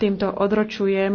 týmto odročujem